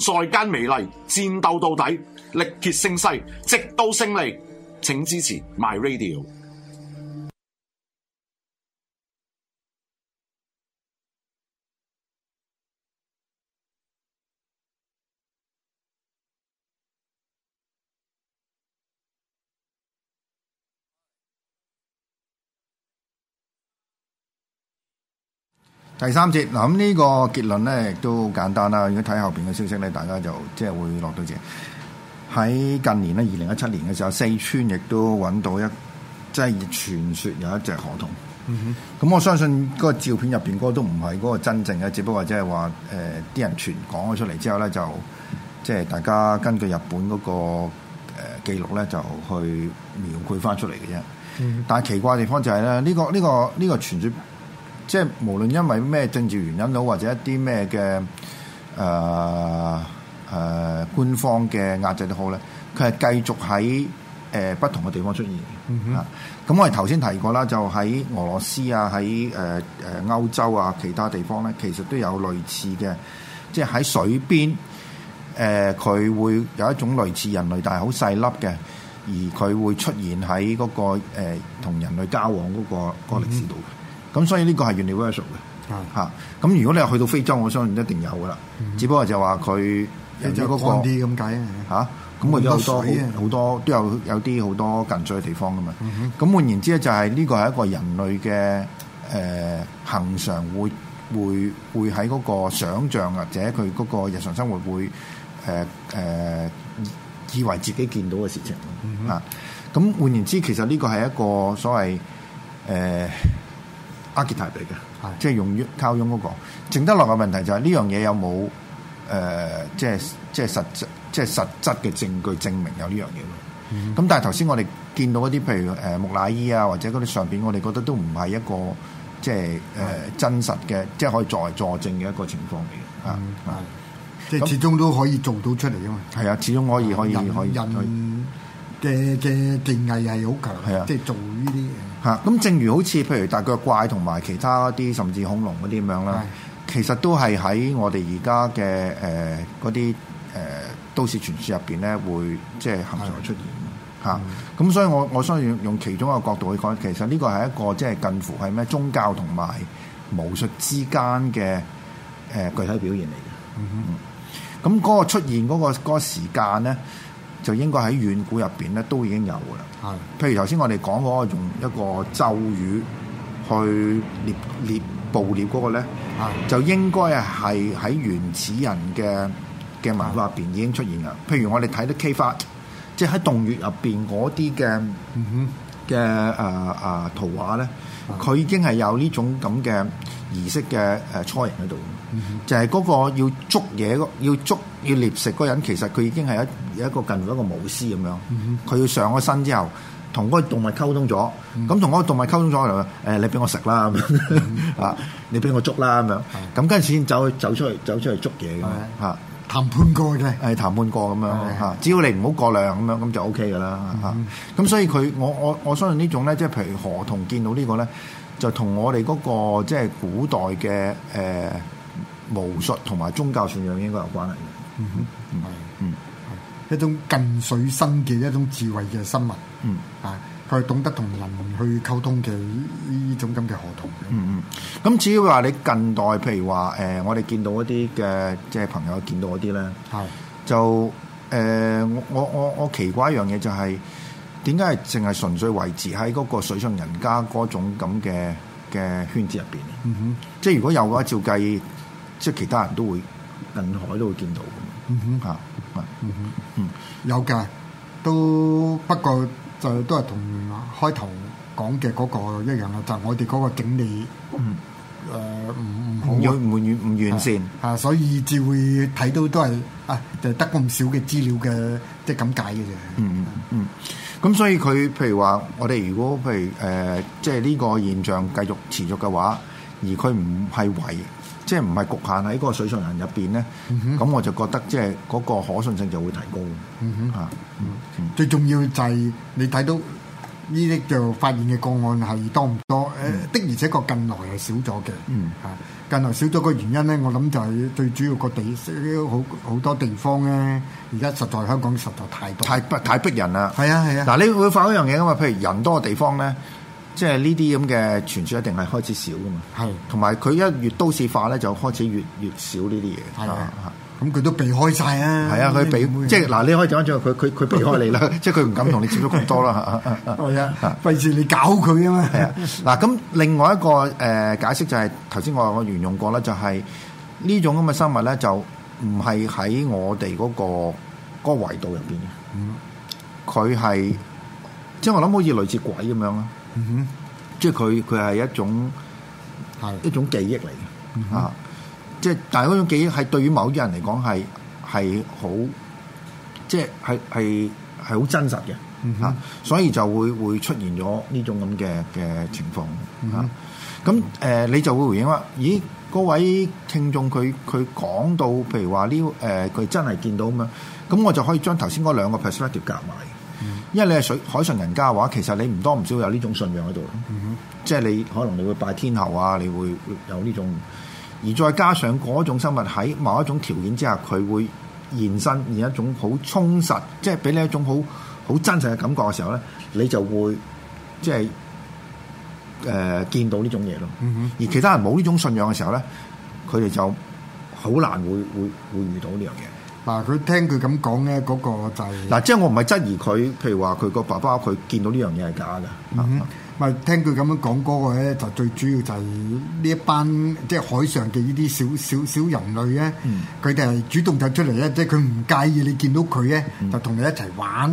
在間美麗，戰鬥到底，力竭聲嘶，直到勝利，請支持 MyRadio。第三節嗱，咁呢個結論咧亦都好簡單啦。如果睇後邊嘅消息咧，大家就即係會落到只喺近年咧，二零一七年嘅時候，四川亦都揾到一即係傳說有一隻河童。咁、嗯、哼我相信嗰個照片入邊嗰個都唔係嗰個真正嘅，只不過即係話誒啲人傳講咗出嚟之後咧，就即係大家根據日本嗰、嗰個誒、呃、記錄咧，就去描繪翻出嚟嘅啫。嗯、哼但係奇怪嘅地方就係、係、咧，呢、呢個呢、呢個呢、呢個這個這個這個傳説，即係無論因為咩政治原因好，或者一啲咩嘅誒誒官方嘅壓制都好咧，佢係繼續喺誒、呃、不同嘅地方出現。咁、嗯哼啊、我哋頭先提過啦，就喺俄羅斯啊，喺誒誒歐洲啊，其他地方咧，其實都有類似嘅，即係喺水邊誒，佢、呃、會有一種類似人類，但係好細粒嘅，而佢會出現喺嗰、那個嗰個同、呃、人類交往嗰、那個嗰個嗰、嗰個歷史度。嗯咁所以呢個係 universal 嘅嚇，咁、啊啊、如果你係去到非洲，我相信一定有噶啦，嗯、哼只不過就話佢人洲嗰個啲咁解嚇，咁我好多好、啊、多，多都有有啲好多近水嘅地方噶嘛，咁、嗯、哼換言之咧就係呢個係一個人類嘅誒恆常會會會喺嗰個想像或者佢嗰個日常生活會誒誒、呃呃、以為自己見到嘅事情、嗯、哼啊，咁換言之，其實呢個係一個所謂誒。呃呃阿 r c 嚟嘅。即係用於靠擁嗰個，剩得落嘅問題就係呢樣嘢有冇誒、即係即係實即係實質嘅證據證明有呢樣嘢咯。咁但係頭先我哋見到嗰啲，譬如誒木乃伊啊，或者嗰啲相片，我哋覺得都唔係一個即係誒真實嘅，即係可以作為佐證嘅一個情況嚟嘅。啊，即係始終都可以做到出嚟啊嘛。係啊，始終可以可以可以。人嘅嘅定義係好強嘅，即係做呢啲嘢。嚇！咁正如好似譬如大腳怪同埋其他啲甚至恐龍嗰啲咁樣啦，的其實都係喺我哋而家嘅誒嗰啲誒都市傳說入邊咧，會即係頻繁出現嚇。咁所以我我想用用其中一個角度去講，其實呢個係一個即係、就是、近乎係咩宗教同埋巫術之間嘅誒具體表現嚟嘅。咁嗰、嗯哼嗯嗰個出現嗰、嗰個嗰、嗰個時間咧。就應該喺遠古入邊咧都已經有㗎啦。的譬如頭先我哋講嗰個用一個咒語去獵獵捕獵嗰個咧，的就應該係喺原始人嘅嘅文化入邊已經出現啦。譬如我哋睇啲 K 花，5，即係喺洞穴入邊嗰啲嘅。嗯哼嘅誒誒圖畫咧，佢已經係有呢種咁嘅儀式嘅誒初形喺度，就係、是、嗰個要捉嘢、要捉要獵食嗰人，其實佢已經係一一個近乎一個巫師咁樣，佢要上咗身之後，同嗰個動物溝通咗，咁同嗰個動物溝通咗就誒你俾我食啦咁樣啊，你俾我、嗯嗯、 我捉啦咁、嗯、樣，咁跟住先走走出去走出嚟捉嘢咁樣嚇。嗯嗯。談判過嘅，誒談判過咁樣嚇，的只要你唔好過量咁樣，咁就 O K 嘅啦嚇。咁、嗯、哼所以佢我我我相信呢種咧，即係譬如河童見到呢、這個咧，就同我哋嗰個即係古代嘅誒巫術同埋宗教信仰應該有關係嘅，唔係、嗯哼嗯，嗯的的，一種近水生嘅一種智慧嘅生物，嗯啊。佢懂得同人民去溝通嘅呢種咁嘅河童。嗯嗯。咁至於話你近代，譬如話誒，我哋見到一啲嘅即係朋友見到嗰啲咧，係就誒我我我我奇怪一樣嘢就係點解係淨係純粹維持喺嗰個水上人家嗰種咁嘅嘅圈子入邊？嗯哼。即係如果有嘅話，照計即係其他人都會近海都會見到嘅。嗯哼嚇。嗯哼。嗯。有嘅，都不過。就都係同開頭講嘅嗰個一樣啦，就係、我哋嗰個整理，誒唔唔好、啊，唔完唔完善嚇，所以只會睇到都係啊，就得咁少嘅資料嘅、就是嗯嗯呃，即係咁解嘅啫。嗯嗯嗯，咁所以佢譬如話，我哋如果譬如誒，即係呢個現象繼續持續嘅話。而佢唔係圍，即係唔係局限喺嗰個水上人入邊咧，咁、嗯、哼我就覺得即係嗰個可信性就會提高。嚇、嗯哼，嗯、最重要就係你睇到呢啲就發現嘅個案係多唔多？誒、嗯、的而且確近來係少咗嘅。嚇、嗯，近來少咗個原因咧，我諗就係最主要個地，好好多地方咧，而家實在香港實在太多，太逼太逼人啦。係啊係啊，嗱、啊啊、你會發一樣嘢㗎嘛？譬如人多嘅地方咧。即係呢啲咁嘅傳說，一定係開始少噶嘛。係，同埋佢一越都市化咧，就開始越越少呢啲嘢。係啊，咁佢都避開晒啊。係啊，佢避，即係嗱，你可以想象佢佢佢避開你啦。即係佢唔敢同你接觸咁多啦。係啊，費事你搞佢啊嘛。係啊，嗱，咁另外一個誒解釋就係頭先我我援用過啦，就係呢種咁嘅生物咧，就唔係喺我哋嗰個嗰個維度入邊嘅。佢係即係我諗，好似類似鬼咁樣啊。嗯哼，即係佢佢係一種係的一種記憶嚟嘅，吓、嗯哼，即係但係嗰種記憶係對於某啲人嚟講係係好，即係係係係好真實嘅，吓、嗯哼，所以就會會出現咗呢種咁嘅嘅情況，吓、嗯哼，咁誒、呃，你就會回應話，咦，嗰位聽眾佢佢講到，譬如話呢誒，佢真係見到咁樣，咁我就可以將頭先嗰兩個 perspective 夾埋。因為你係水海上人家嘅話，其實你唔多唔少有呢種信仰喺度、mm hmm. 即係你可能你會拜天后啊，你會有呢種。而再加上嗰種生物喺某一種條件之下，佢會現身，而一種好充實，即係俾你一種好好真實嘅感覺嘅時候咧，你就會即係誒、呃、見到呢種嘢咯。Mm hmm. 而其他人冇呢種信仰嘅時候咧，佢哋就好難會會會遇到呢樣嘢。啊！佢聽佢咁講咧，嗰、那個就嗱、是啊，即係我唔係質疑佢，譬如話佢個爸爸，佢見到樣、嗯、樣呢樣嘢係假嘅。唔咪聽佢咁樣講嗰個咧，就最主要就係呢一班即係、就是、海上嘅呢啲小小小人類咧，佢哋係主動走出嚟咧，即係佢唔介意你見到佢咧，就同你一齊玩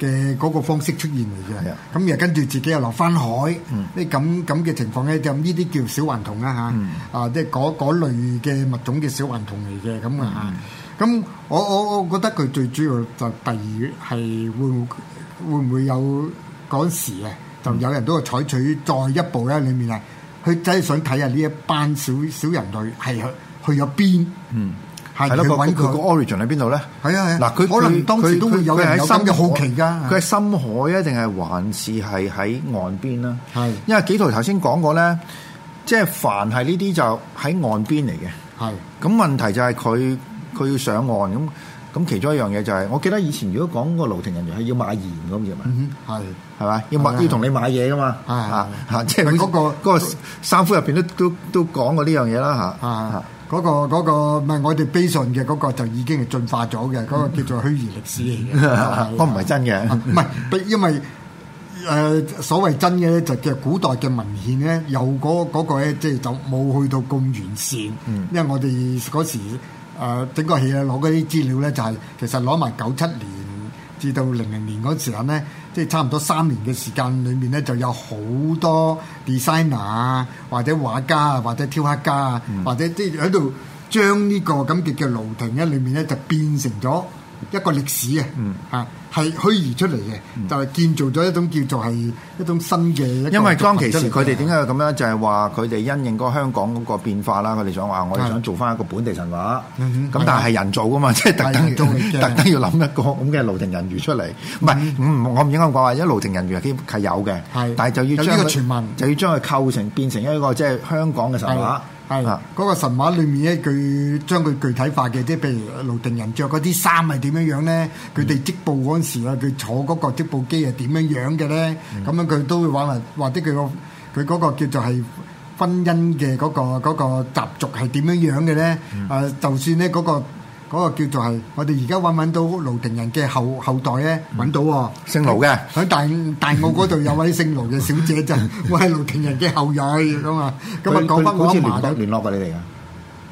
嘅嗰個方式出現嚟嘅。咁又、嗯嗯、跟住自己又落翻海，呢咁咁嘅情況咧，就呢、是、啲叫小頑童啊嚇，嗯、啊即係嗰類嘅物種嘅小頑童嚟嘅咁啊嚇。嗯咁我我我覺得佢最主要就第二係會會唔會，會有嗰時啊？就有人都係採取再一步咧，裏面啊，佢真係想睇下呢一班小小人類係去去咗邊？嗯，係咯，揾佢個 origin 喺邊度咧？係啊係。嗱、嗯，佢可能當時都它會有人有咁嘅好奇㗎。佢係深海啊，定係還是係喺岸邊啦？係的。因為紀陶頭先講過咧，即係凡係呢啲就喺岸邊嚟嘅。係的。咁問題就係佢。佢要上岸咁，咁、嗯、其中一樣嘢就係、是，我記得以前如果講個奴隸人係要買鹽咁嘅嘛，係係嘛，要買要同你買嘢噶嘛，嚇嚇，即係嗰是、那個嗰、那個三夫入邊都都都講過呢樣嘢啦嚇，嗰、那個嗰、那個唔係我哋悲慚嘅嗰個就已經係進化咗嘅嗰個叫做虛擬、嗯、歷史，我唔係真嘅，唔係、 啊，因為誒、呃、所謂真嘅咧就叫古代嘅文獻咧，由那個、有嗰個咧即係就冇去到咁完善，因為我哋嗰時。誒、呃、整個戲咧，攞嗰啲資料咧、就是，就係其實攞埋九七年至到零零年嗰陣咧，即係差唔多三年嘅時間裏面咧，就有好多 designer 啊，或者畫家啊，或者雕刻家啊，嗯、或者啲喺度將呢個咁嘅叫路徑一裏面咧，就變成咗。一個歷史啊，嚇係虛擬出嚟嘅，就係建造咗一種叫做係一種新嘅。因為當其時佢哋點解咁樣就係話佢哋因應過香港嗰個變化啦，佢哋想話我哋想做返一個本地神話，咁但係人做噶嘛，即係特登特登要諗一個咁嘅盧亭人魚出嚟，唔係我唔應該講話，因為盧亭人魚係有嘅，但係就要將就要將佢構成變成一個即係香港嘅神話。係嗰、嗰個神話裏面咧，佢將佢具體化嘅，即係譬如盧亭人着嗰啲衫係點樣樣咧？佢哋織布嗰陣時啊，佢坐嗰個織布機係點樣呢、嗯、樣嘅咧？咁樣佢都會玩埋，或者佢個佢嗰個叫做係婚姻嘅嗰、嗰個嗰、嗰個習俗係點樣樣嘅咧？誒、嗯啊，就算咧、嗰、嗰個。嗰個叫做係我哋而家揾揾到盧亭人嘅後後代咧，揾到喎、嗯，姓盧嘅喺大，大澳大澳嗰度有位姓盧嘅小姐就係我係盧亭人嘅後裔，咁她啊，咁啊講翻講嫲嫲聯絡過你哋啊？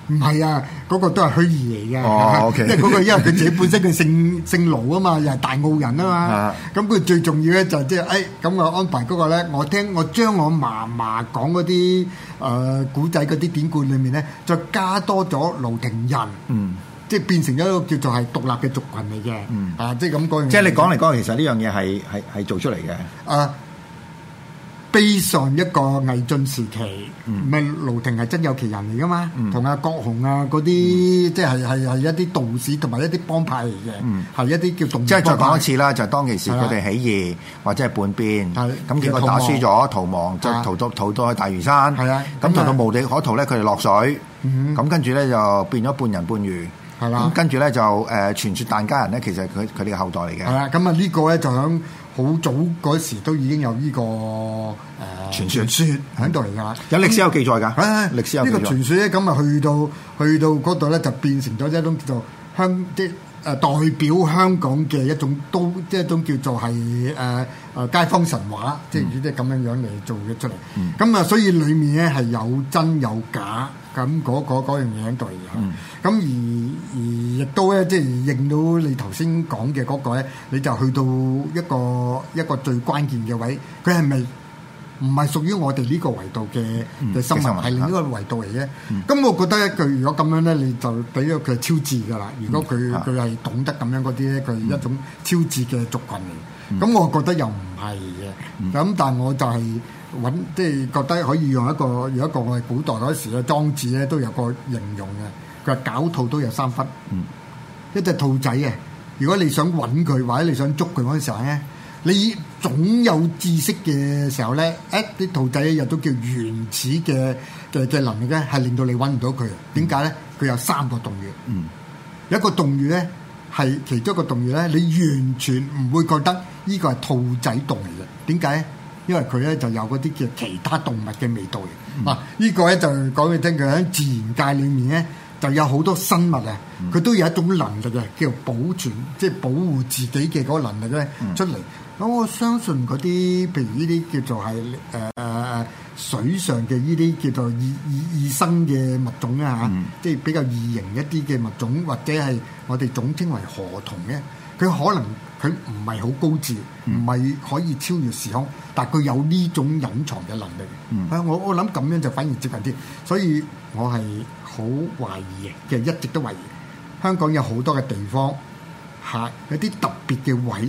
唔係啊，嗰個都係虛擬嚟嘅，即係嗰個因為佢自己本身佢姓 姓盧啊嘛，又係大澳人啊嘛，咁佢、嗯嗯嗯、最重要咧就即係誒咁我安排嗰個咧，我聽我將我嫲嫲講嗰啲誒古仔嗰啲典故裏面咧，再加多咗盧亭人。嗯即係變成一個叫做係獨立嘅族群嚟嘅，啊，即係咁講。即係你講嚟講，其實呢樣嘢係係係做出嚟嘅。啊，悲上一個魏晉時期，咪盧廷係真有其人嚟噶嘛？同阿郭洪啊嗰啲，即係係係一啲道士同埋一啲幫派嚟嘅，係一啲叫洞。即係再講一次啦，就當其時佢哋起義，或者係叛變，咁結果打輸咗，逃亡，即係逃到逃到大嶼山，咁逃到無地可逃咧，佢哋落水，咁跟住咧就變咗半人半魚。係啦，咁、嗯、跟住咧就誒、呃、傳説疍家人咧，其實佢佢哋嘅後代嚟嘅。係啦、嗯，咁、這、啊、個、呢個咧就響好早嗰時都已經有呢、這個、呃、傳説喺度嚟㗎。有歷史有記載㗎。嗯、載啊，歷史有呢個傳説咧，咁啊去到去到嗰度咧，就變成咗一種叫做香即係誒代表香港嘅一種都即係一種叫做係誒誒街坊神話，即係以啲咁樣樣嚟做嘅出嚟。咁啊、嗯，嗯、所以裡面咧係有，有真有假。咁嗰樣嘢喺度嘅，咁而而亦都咧，即係認到你頭先講嘅嗰個咧，你就去到一個一個最關鍵嘅位，佢係咪唔係屬於我哋呢個維度嘅嘅生物，係另呢個維度嚟嘅？咁我覺得一句，如果咁樣咧，你就俾咗佢超智噶啦。如果佢佢係懂得咁樣嗰啲咧，佢係一種超智嘅族群嚟。咁我覺得又唔係嘅。咁但係我就係。揾即係覺得可以用一個，用一個有一個我係古代嗰時咧裝置咧都有個形容嘅，佢話狡兔都有三窟，嗯、一隻兔仔嘅。如果你想揾佢或者你想捉佢嗰陣時候咧，你總有知識嘅時候咧，誒啲兔仔又都叫原始嘅嘅嘅能力咧，係令到你揾唔到佢。點解咧？佢、嗯、有三個洞穴，嗯、有一個洞穴咧係其中一個洞穴咧，你完全唔會覺得個呢個係兔仔洞嚟嘅。點解？因為佢咧就有嗰啲叫其他動物嘅味道嘅，嗱呢、嗯啊，這個咧就講畀你聽佢喺自然界裏面咧就有好多生物啊，佢、嗯、都有一種能力嘅叫保存，即係保護自己嘅嗰個能力咧出嚟。咁、嗯、我相信嗰啲譬如呢啲叫做係誒誒水上嘅呢啲叫做異異生嘅物種啦嚇、嗯啊，即係比較異形一啲嘅物種，或者係我哋總稱為河童嘅。佢可能佢唔係好高智，唔係、嗯、可以超越時空，但佢有呢種隱藏嘅能力。啊、嗯，我我諗咁樣就反而接近啲，所以我係好懷疑嘅，其實一直都懷疑。香港有好多嘅地方，吓、啊，有啲特別嘅位，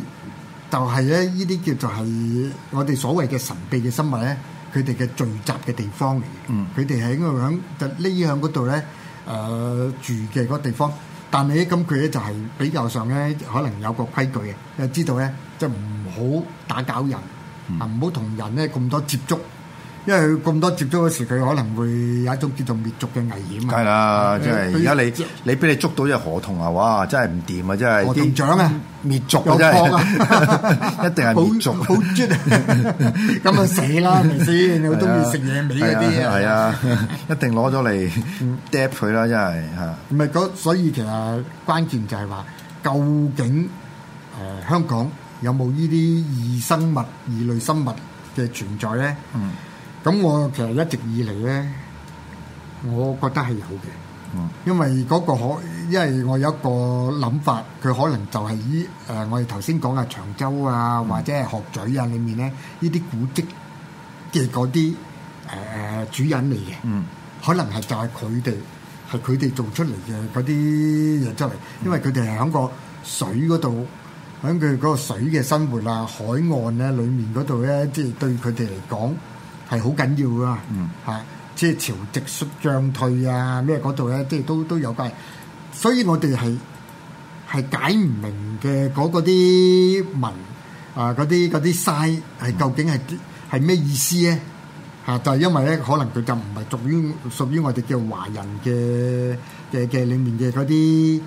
就係咧呢啲叫做係我哋所謂嘅神秘嘅生物咧，佢哋嘅聚集嘅地方嚟嘅。嗯，佢哋喺嗰度響就匿響嗰度咧，誒、呃、住嘅嗰個地方。但係咧，咁佢咧就係比較上咧，可能有個規矩嘅，又、就是、知道咧，即係唔好打攪人，啊，唔好同人咧咁多接觸。因為佢咁多接觸嗰時，佢可能會有一種叫做滅族嘅危險啊！係啦，即係而家你你俾你捉到隻河童啊！哇，真係唔掂啊！真係河童長啊，滅族啊，一定係滅族啊！好絕啊！咁啊死啦，咪先！你好中意食野味啊？係啊，一定攞咗嚟 dead 佢啦！真係嚇。唔係嗰，所以其實關鍵就係話，究竟誒香港有冇呢啲異生物、異類生物嘅存在咧？嗯。咁我其實一直以嚟咧，我覺得係有嘅，因為嗰個可，因為我有一個諗法，佢可能就係依誒，我哋頭先講嘅長洲啊，或者係鶴咀啊裏面咧，呢啲古蹟嘅嗰啲誒誒主人嚟嘅，可能係就係佢哋，係佢哋做出嚟嘅嗰啲嘢出嚟，因為佢哋係喺個水嗰度，喺佢嗰個水嘅生活啊、海岸咧裏面嗰度咧，即係對佢哋嚟講。係好緊要噶，嚇、嗯啊，即係潮汐縮漲退啊咩嗰度咧，即係都都有關係。所以我哋係係解唔明嘅嗰啲文啊，嗰啲嗰啲曬係究竟係係咩意思咧？嚇、啊，就係、係、因為咧，可能佢就唔係屬於屬於我哋叫華人嘅嘅嘅裡面嘅嗰啲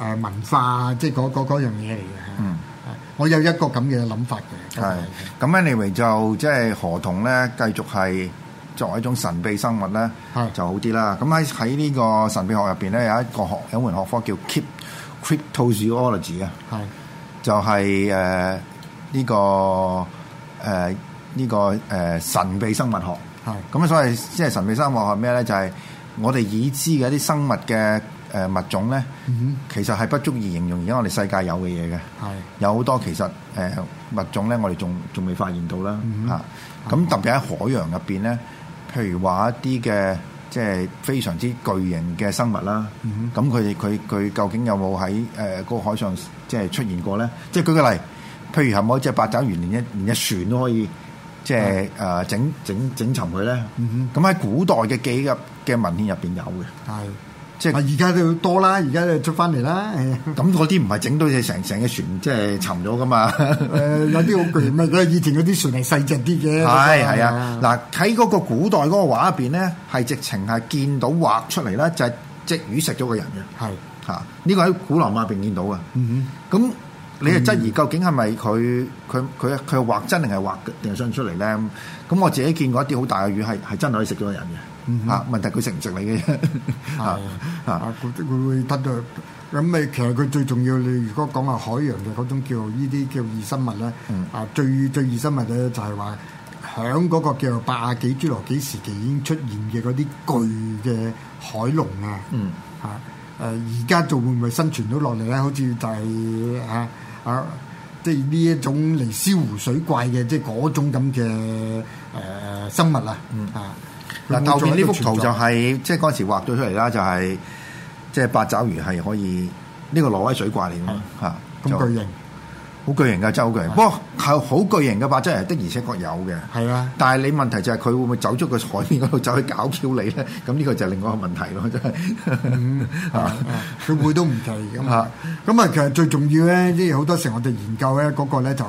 誒文化，即係嗰嗰嗰樣嘢嚟嘅嚇。嗯我有一個咁嘅諗法嘅。係是，咁 anyway 就即係河童咧，繼續係作為一種神秘生物咧，是就好啲啦。咁喺喺呢個神秘學入邊咧，有一個學有一門學科叫 keep cryptozoology 啊是，就係誒呢個誒呢、呃這個誒、呃、神秘生物學。係是，咁所謂即係、就是、神秘生物學咩咧？就係、是、我哋已知嘅一啲生物嘅。誒物種咧，其實係不足以形容而家我哋世界有嘅嘢嘅，有好多其實誒物種咧，我哋仲仲未發現到啦嚇。咁特別喺海洋入邊咧，譬如話一啲嘅即係非常之巨型嘅生物啦，咁佢佢佢究竟有冇喺誒個海上即係出現過咧？即係舉個例，譬如係冇一隻八爪魚，連一連一船都可以即係誒整整整沉佢咧。咁喺古代嘅幾個嘅文獻入邊有嘅。即係而家都多要啦，而家都出翻嚟啦。咁嗰啲唔係整到隻成成嘅船即係沉咗噶嘛？誒， 有啲好巨，唔係佢以前嗰啲船係細隻啲嘅。係係 啊！嗱，喺嗰個古代嗰個畫入邊咧，係直情係見到畫出嚟啦，就係、是、隻魚食咗是、啊這個人嘅。係嚇、嗯哼，呢個喺古羅馬入邊見到嘅。嗯咁你係質疑究竟係咪佢佢佢佢畫真定係畫定係想出嚟咧？咁我自己見過一啲好大嘅魚係係真係可以食咗個人嘅。嗯、啊！問題佢食唔食你嘅？啊 啊！佢佢、啊、會，會吞咗。咁咪 其實佢最重要。你如果講下海洋嘅嗰種叫呢啲叫異生物咧，啊、嗯、最最異生物咧就係話響嗰個叫白堊紀侏羅紀時期已經出現嘅嗰啲巨嘅海龍、嗯、啊。嗯。嚇！誒而家仲會唔會生存到落嚟咧？好似就係嚇啊！即係呢一種尼斯湖水怪嘅，即係嗰種咁嘅誒生物啊。啊！嗱，後邊呢幅圖就係、是、即係嗰陣時畫咗出嚟啦、就是，就係即係八爪魚係可以呢、這個挪威水怪嚟㗎嘛咁巨型，好巨型㗎，真係好巨型。的不過係好巨型嘅八爪魚的而且確有嘅。係啊，但係你問題就係、是、佢會唔會走咗個海面嗰度走去搞嬌你咧？咁呢個就係另外一個問題咯，真係。佢 會都唔提咁啊。咁啊，其實最重要咧，即係好多時我哋研究咧，嗰個咧就。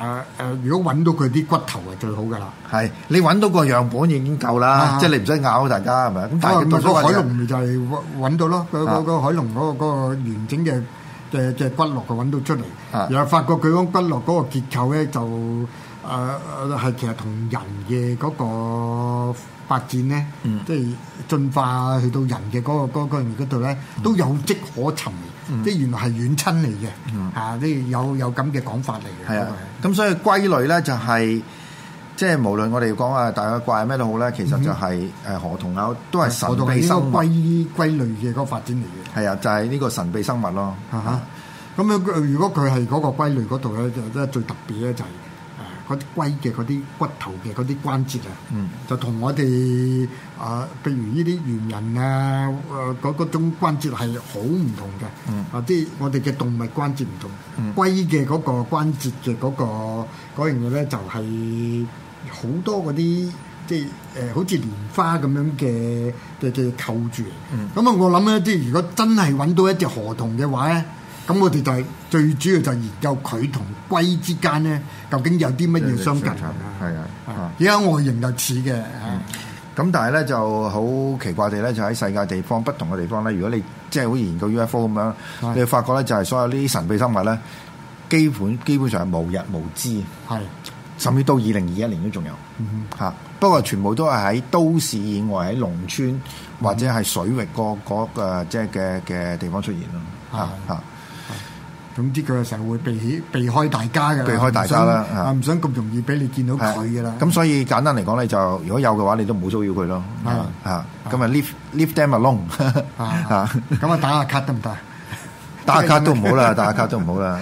誒誒、啊，如果揾到佢啲骨頭係最好噶啦，係你揾到個樣本已經夠啦，啊、即係你唔使咬大家係咪？咁，但係嗰個海龍咪就係揾到咯，嗰、啊那個海龍嗰個完整嘅嘅嘅骨骼佢揾到出嚟，啊、然後發覺佢嗰骨骼嗰個結構咧就誒係、呃、其實同人嘅嗰、那個。發展咧，嗯、即係進化去到人嘅嗰、那個嗰度咧，那個、都有跡可尋。嗯、即係原來係遠親嚟嘅，嚇、嗯！啲有有咁嘅講法嚟嘅。係啊，咁的所以龜類咧就係、是、即係無論我哋講啊，大家怪咩都好咧，其實就係誒河童啊，嗯、同都係神秘生物。龜龜類嘅嗰個發展嚟嘅。係啊，就係、是、呢個神秘生物咯。嚇嚇，咁樣、啊、如果佢係嗰個龜類嗰度咧，就咧最特別咧就係、是。啲龜嘅嗰啲骨頭嘅嗰啲關節啊，嗯、就同我哋啊，譬、呃、如呢啲猿人啊，嗰、呃、嗰種關節係好唔同嘅，嗯、啊啲、即係、我哋嘅動物關節唔同，嗯、龜嘅嗰個關節嘅嗰個嗰樣嘢咧就係、是、好多嗰啲即係誒，好似蓮花咁樣嘅嘅嘅扣住嚟。咁啊、嗯，我諗咧，即係如果真係揾到一隻河童嘅話咧。咁我哋就係最主要就研究佢同龜之間咧，究竟有啲乜嘢相近？係啊，依家外形又似嘅嚇。咁、嗯、但係咧就好奇怪地咧，就喺世界地方不同嘅地方咧，如果你即係好研究 UFO 咁樣的，你會發覺咧就係、是、所有呢啲神秘生物咧，基本基本上係無日無之，係的甚至到二零二一年都仲有嚇、嗯。不過全部都係喺都市以外，喺農村或者係水域嗰嗰即係嘅嘅地方出現咯嚇嚇。的的總之佢成日會避避開大家噶，避開大家啦，唔想咁容易俾你見到佢噶啦。咁所以簡單嚟講咧，就如果有嘅話，你都唔好騷擾佢咯。咁啊，leave leave them alone，咁啊，打下卡得唔得？打下卡都唔好啦，打下卡都唔好啦。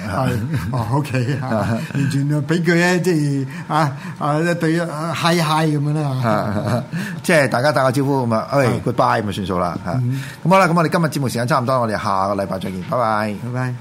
係，OK，完全啊，俾佢咧即係啊啊，對嗨嗨咁樣啦。即係大家打個招呼咁啊，喂，goodbye 咁啊，算數啦。咁好啦，咁我哋今日節目時間差唔多，我哋下個禮拜再見，拜拜，拜拜。